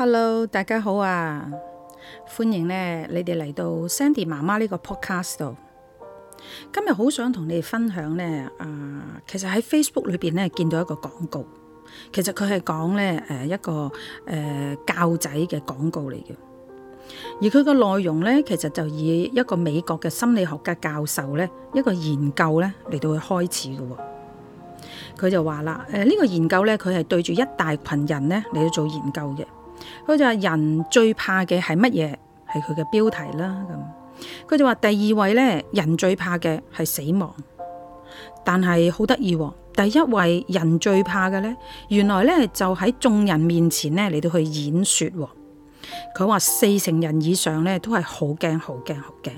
Hello，大家好啊！歡迎咧，你哋嚟到 Sandy 媽媽呢個 podcast 度。今日好想同你哋分享咧，啊、呃，其實喺 Facebook 裏邊咧見到一個廣告，其實佢係講咧誒一個誒、呃、教仔嘅廣告嚟嘅。而佢個內容咧，其實就以一個美國嘅心理學家教授咧一個研究咧嚟到去開始嘅，哦。佢就話啦，誒、呃、呢、這個研究咧，佢係對住一大群人咧嚟到做研究嘅。佢就話人最怕嘅係乜嘢？係佢嘅標題啦咁。佢就話第二位咧，人最怕嘅係死亡。但係好得意，第一位人最怕嘅咧，原來咧就喺眾人面前咧嚟到去演說，喎。佢話四成人以上咧都係好驚、好驚、好驚。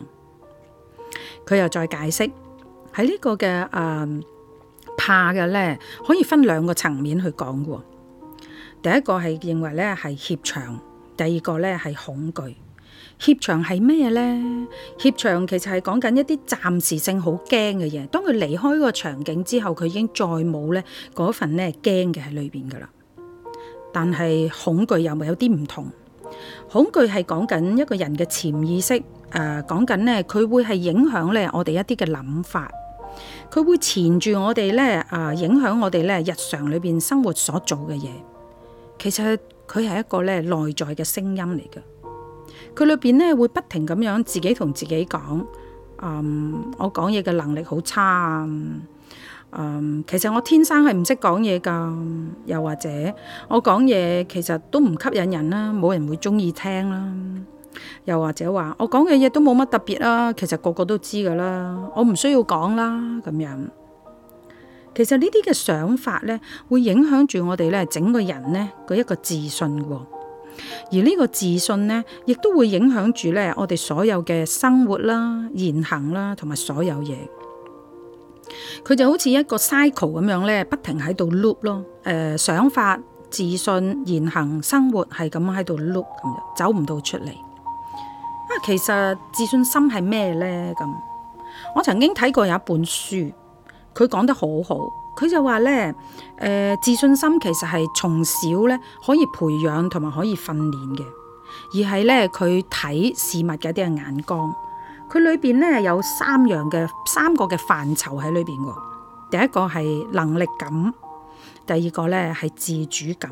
佢又再解釋喺、嗯、呢個嘅誒怕嘅咧，可以分兩個層面去講嘅，喎。第一個係認為咧係怯場，第二個咧係恐懼。怯場係咩咧？怯場其實係講緊一啲暫時性好驚嘅嘢。當佢離開個場景之後，佢已經再冇咧嗰份咧驚嘅喺裏邊噶啦。但係恐懼又咪有啲唔同？恐懼係講緊一個人嘅潛意識，誒講緊咧佢會係影響咧我哋一啲嘅諗法，佢會纏住我哋咧，誒、呃、影響我哋咧日常裏邊生活所做嘅嘢。其實佢係一個咧內在嘅聲音嚟嘅，佢裏邊咧會不停咁樣自己同自己講，嗯，我講嘢嘅能力好差啊，嗯，其實我天生係唔識講嘢㗎，又或者我講嘢其實都唔吸引人啦，冇人會鍾意聽啦，又或者話我講嘅嘢都冇乜特別啦，其實個個都知㗎啦，我唔需要講啦，咁樣。其實呢啲嘅想法咧，會影響住我哋咧，整個人咧佢一個自信喎。而呢個自信咧，亦都會影響住咧我哋所有嘅生活啦、言行啦，同埋所有嘢。佢就好似一個 cycle 咁樣咧，不停喺度 loop 咯。誒，想法、自信、言行、生活係咁喺度 loop 咁樣，走唔到出嚟。啊，其實自信心係咩咧？咁我曾經睇過有一本書。佢講得好好，佢就話咧，誒、呃、自信心其實係從小咧可以培養同埋可以訓練嘅，而係咧佢睇事物嘅一啲嘅眼光，佢裏邊咧有三樣嘅三個嘅範疇喺裏邊喎。第一個係能力感，第二個咧係自主感，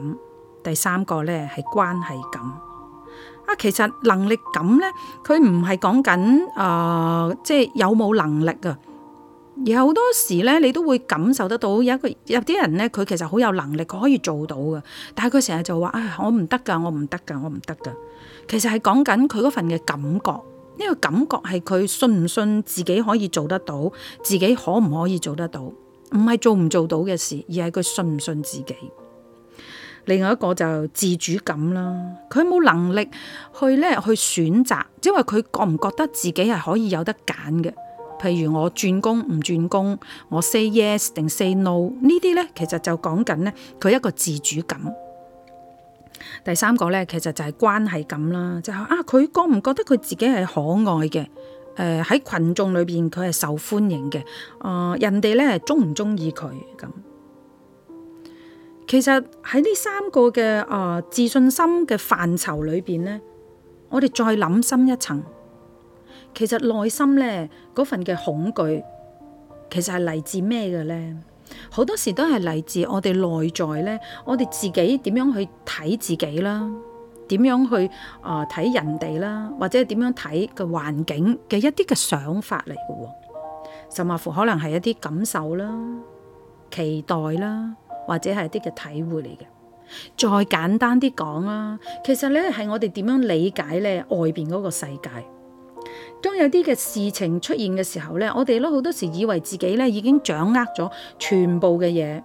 第三個咧係關係感。啊，其實能力感咧，佢唔係講緊啊，即係有冇能力啊。而好多時咧，你都會感受得到有一個有啲人咧，佢其實好有能力，佢可以做到嘅。但係佢成日就話：啊，我唔得㗎，我唔得㗎，我唔得㗎。其實係講緊佢嗰份嘅感覺，呢個感覺係佢信唔信自己可以做得到，自己可唔可以做得到？唔係做唔做到嘅事，而係佢信唔信自己。另外一個就自主感啦，佢冇能力去咧去選擇，因為佢覺唔覺得自己係可以有得揀嘅？譬如我轉工唔轉工，我 say yes 定 say no 呢啲咧，其實就講緊咧佢一個自主感。第三個咧，其實就係關係感啦，就係、啊佢覺唔覺得佢自己係可愛嘅？誒、呃、喺群眾裏邊佢係受歡迎嘅。啊、呃、人哋咧中唔中意佢咁？其實喺呢三個嘅啊、呃、自信心嘅範疇裏邊咧，我哋再諗深一層。其實內心咧嗰份嘅恐懼，其實係嚟自咩嘅咧？好多時都係嚟自我哋內在咧，我哋自己點樣去睇自己啦，點樣去啊睇、呃、人哋啦，或者點樣睇個環境嘅一啲嘅想法嚟嘅喎，甚至乎可能係一啲感受啦、期待啦，或者係一啲嘅體會嚟嘅。再簡單啲講啦，其實咧係我哋點樣理解咧外邊嗰個世界。當有啲嘅事情出現嘅時候咧，我哋都好多時以為自己咧已經掌握咗全部嘅嘢，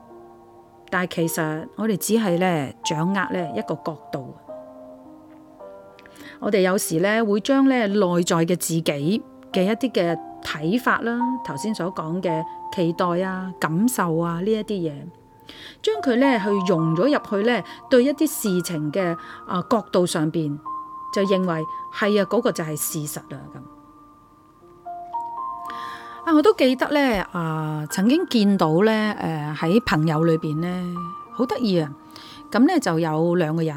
但係其實我哋只係咧掌握咧一個角度。我哋有時咧會將咧內在嘅自己嘅一啲嘅睇法啦，頭先所講嘅期待啊、感受啊呢一啲嘢，將佢咧去融咗入去咧對一啲事情嘅啊角度上邊，就認為係啊嗰個就係事實啊咁。啊！我都記得咧，啊、呃，曾經見到咧，誒、呃、喺朋友裏邊咧，好得意啊！咁咧就有兩個人，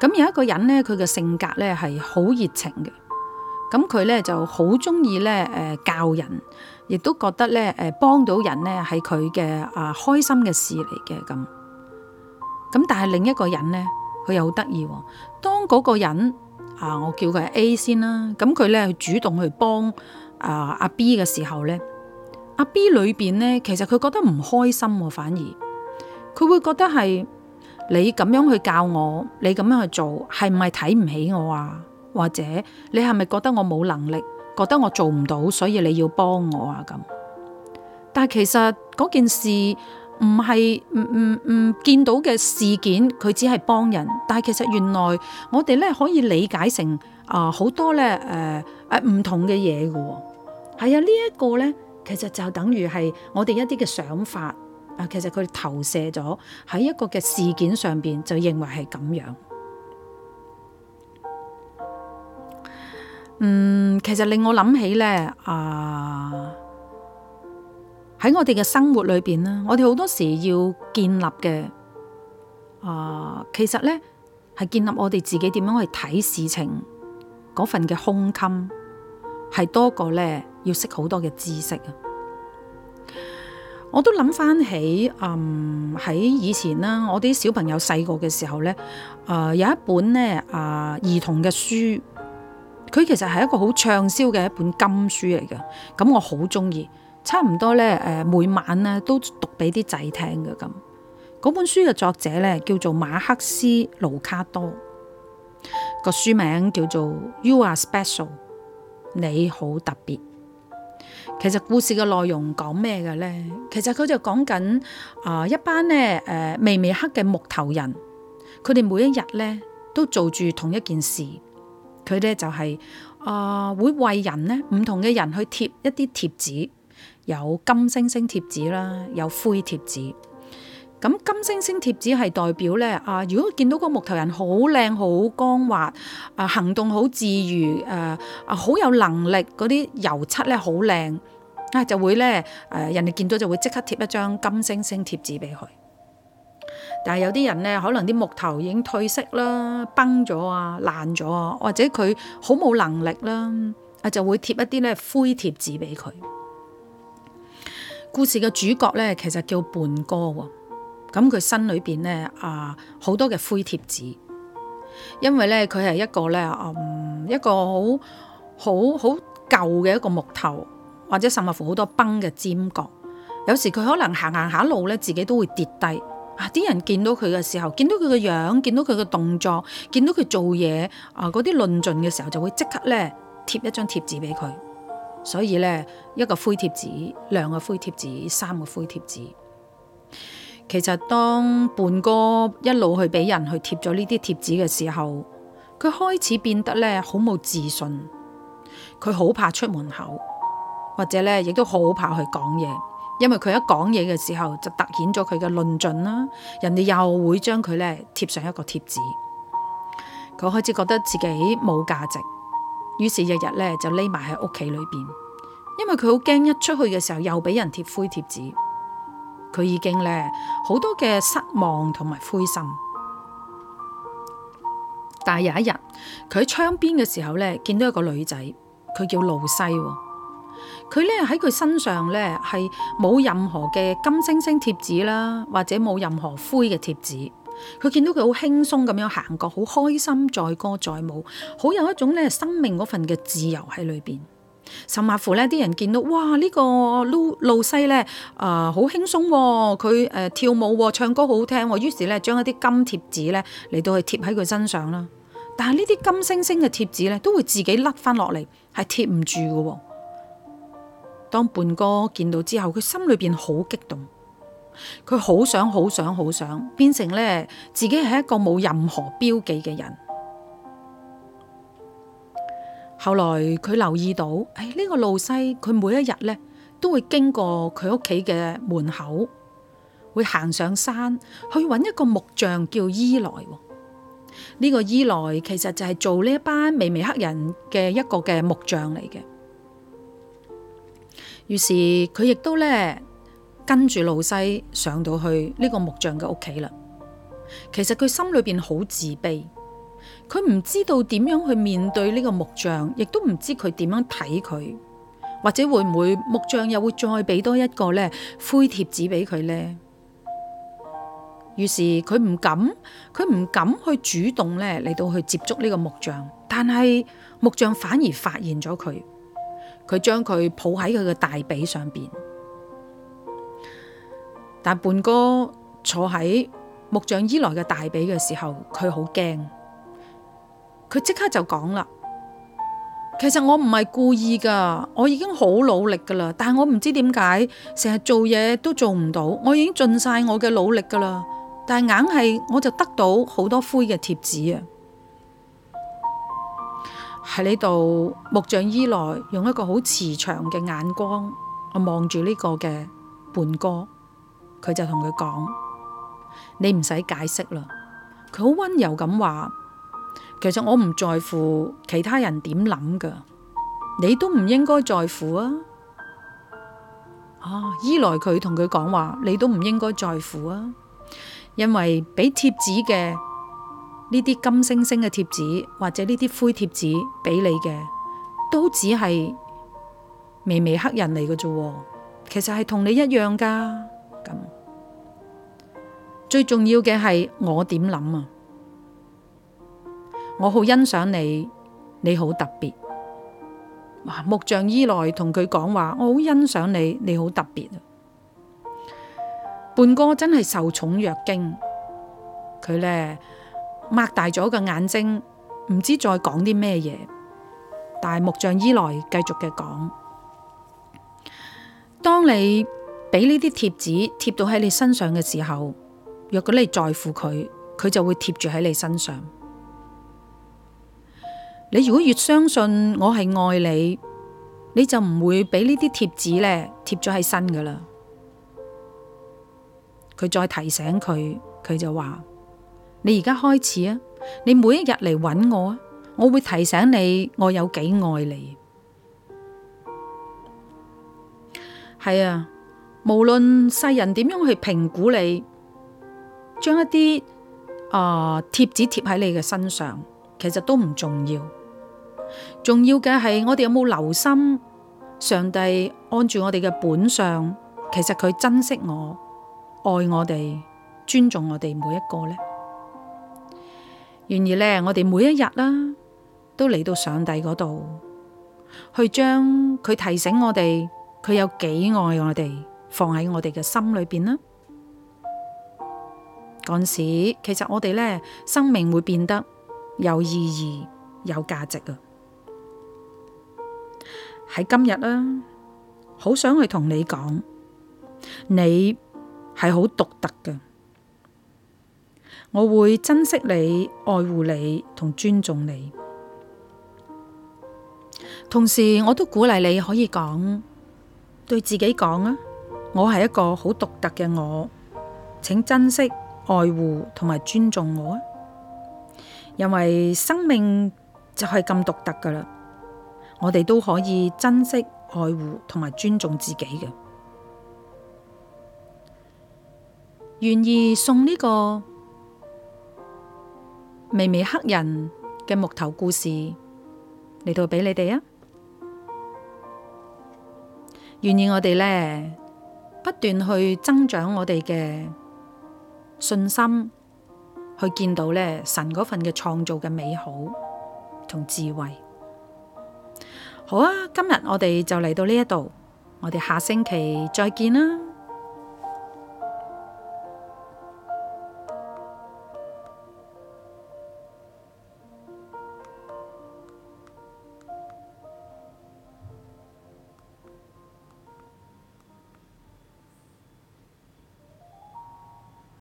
咁有一個人咧，佢嘅性格咧係好熱情嘅，咁佢咧就好中意咧誒教人，亦都覺得咧誒幫到人咧係佢嘅啊開心嘅事嚟嘅咁。咁但係另一個人咧，佢又好得意喎。當嗰個人啊、呃，我叫佢 A 先啦，咁佢咧去主動去幫。啊！阿、uh, B 嘅時候咧，阿 B 裏邊咧，其實佢覺得唔開心喎、啊，反而佢會覺得係你咁樣去教我，你咁樣去做，係咪睇唔起我啊？或者你係咪覺得我冇能力，覺得我做唔到，所以你要幫我啊？咁，但係其實嗰件事唔係唔唔唔見到嘅事件，佢只係幫人。但係其實原來我哋咧可以理解成。啊，好、呃、多咧，誒誒唔同嘅嘢嘅喎，係、哎、啊，這個、呢一個咧，其實就等於係我哋一啲嘅想法啊、呃，其實佢投射咗喺一個嘅事件上邊，就認為係咁樣。嗯，其實令我諗起咧，啊、呃、喺我哋嘅生活裏邊啦，我哋好多時要建立嘅啊、呃，其實咧係建立我哋自己點樣去睇事情。嗰份嘅胸襟係多過呢，要識好多嘅知識啊！我都諗翻起，嗯，喺以前啦，我啲小朋友細個嘅時候呢，誒、呃，有一本呢誒、呃，兒童嘅書，佢其實係一個好暢銷嘅一本金書嚟嘅。咁我好中意，差唔多呢，誒、呃，每晚呢都讀俾啲仔聽嘅咁。嗰本書嘅作者呢，叫做馬克斯·盧卡多。個書名叫做《You Are Special》，你好特別。其實故事嘅內容講咩嘅咧？其實佢就講緊啊一班咧誒微微黑嘅木頭人，佢哋每一日咧都做住同一件事，佢咧就係、是、啊、呃、會為人咧唔同嘅人去貼一啲貼紙，有金星星貼紙啦，有灰貼紙。咁金星星貼紙係代表咧啊！如果見到個木頭人好靚、好光滑啊，行動好自如，誒啊，好有能力，嗰啲油漆咧好靚啊，就會咧誒人哋見到就會即刻貼一張金星星貼紙俾佢。但係有啲人咧，可能啲木頭已經褪色啦、崩咗啊、爛咗啊，或者佢好冇能力啦，啊就會貼一啲咧灰貼紙俾佢。故事嘅主角咧其實叫伴哥喎。咁佢身裏邊咧啊，好多嘅灰貼紙，因為咧佢係一個咧，嗯，一個好好好舊嘅一個木頭，或者甚至乎好多崩嘅尖角。有時佢可能行行下路咧，自己都會跌低啊！啲人見到佢嘅時候，見到佢嘅樣，見到佢嘅動作，見到佢做嘢啊，嗰啲論盡嘅時候，就會即刻咧貼一張貼紙俾佢。所以咧，一個灰貼紙，兩個灰貼紙，三個灰貼紙。其實當伴哥一路去俾人去貼咗呢啲貼紙嘅時候，佢開始變得咧好冇自信，佢好怕出門口，或者咧亦都好怕去講嘢，因為佢一講嘢嘅時候就突顯咗佢嘅論盡啦，人哋又會將佢咧貼上一個貼紙，佢開始覺得自己冇價值，於是日日咧就匿埋喺屋企裏邊，因為佢好驚一出去嘅時候又俾人貼灰貼紙。佢已經咧好多嘅失望同埋灰心，但係有一日，佢喺窗邊嘅時候咧，見到一個女仔，佢叫露西喎、哦。佢咧喺佢身上咧係冇任何嘅金星星貼紙啦，或者冇任何灰嘅貼紙。佢見到佢好輕鬆咁樣行過，好開心，載歌載舞，好有一種咧生命嗰份嘅自由喺裏邊。甚至乎咧，啲人見到哇，這個、呢個露露西咧，誒、呃，好輕鬆，佢誒、呃、跳舞，喎，唱歌好好聽，喎，於是咧將一啲金貼紙咧嚟到去貼喺佢身上啦。但係呢啲金星星嘅貼紙咧，都會自己甩翻落嚟，係貼唔住嘅，喎。當胖哥見到之後，佢心裏邊好激動，佢好想、好想、好想，想變成咧自己係一個冇任何標記嘅人。後來佢留意到，誒、哎、呢、這個路西佢每一日咧都會經過佢屋企嘅門口，會行上山去揾一個木匠叫伊萊。呢、這個伊萊其實就係做呢一班微微黑人嘅一個嘅木匠嚟嘅。於是佢亦都咧跟住路西上到去呢個木匠嘅屋企啦。其實佢心裏邊好自卑。佢唔知道點樣去面對呢個木匠，亦都唔知佢點樣睇佢，或者會唔會木匠又會再俾多一個咧灰貼紙俾佢呢？於是佢唔敢，佢唔敢去主動咧嚟，到去接觸呢個木匠。但係木匠反而發現咗佢，佢將佢抱喺佢嘅大髀上邊。但半哥坐喺木匠依來嘅大髀嘅時候，佢好驚。佢即刻就講啦，其實我唔係故意噶，我已經好努力噶啦，但係我唔知點解成日做嘢都做唔到，我已經盡晒我嘅努力噶啦，但係硬係我就得到好多灰嘅貼紙啊！喺呢度木匠伊萊用一個好慈祥嘅眼光望住呢個嘅胖哥，佢就同佢講：你唔使解釋啦。佢好溫柔咁話。其實我唔在乎其他人點諗噶，你都唔應該在乎啊！啊，依賴佢同佢講話，你都唔應該在乎啊！因為俾貼紙嘅呢啲金星星嘅貼紙，或者呢啲灰貼紙俾你嘅，都只係微微黑人嚟嘅啫。其實係同你一樣噶。咁最重要嘅係我點諗啊！我好欣賞你，你好特別。木匠依萊同佢講話，我好欣賞你，你好特別。胖哥真係受寵若驚，佢咧擘大咗個眼睛，唔知再講啲咩嘢。但係木匠依萊繼續嘅講：當你俾呢啲貼紙貼到喺你身上嘅時候，若果你在乎佢，佢就會貼住喺你身上。你如果越相信我係愛你，你就唔會俾呢啲貼紙咧貼咗喺身㗎喇。佢再提醒佢，佢就話：你而家開始啊，你每一日嚟搵我啊，我會提醒你我有幾愛你。係啊，無論世人點樣去評估你，將一啲啊貼紙貼喺你嘅身上，其實都唔重要。重要嘅係，我哋有冇留心上帝按住我哋嘅本相？其實佢珍惜我、愛我哋、尊重我哋每一個呢？然而呢，我哋每一日啦，都嚟到上帝嗰度，去將佢提醒我哋，佢有幾愛我哋，放喺我哋嘅心裏邊啦。嗰時其實我哋咧，生命會變得有意義、有價值啊！喺今日啦、啊，好想去同你講，你係好獨特嘅，我會珍惜你、愛護你同尊重你。同時，我都鼓勵你可以講，對自己講啊，我係一個好獨特嘅我，請珍惜、愛護同埋尊重我啊，因為生命就係咁獨特噶啦。我哋都可以珍惜、愛護同埋尊重自己嘅，願意送呢個微微黑人嘅木頭故事嚟到俾你哋啊！願意我哋咧不斷去增長我哋嘅信心，去見到咧神嗰份嘅創造嘅美好同智慧。好啊，今日我哋就嚟到呢一度，我哋下星期再見啦。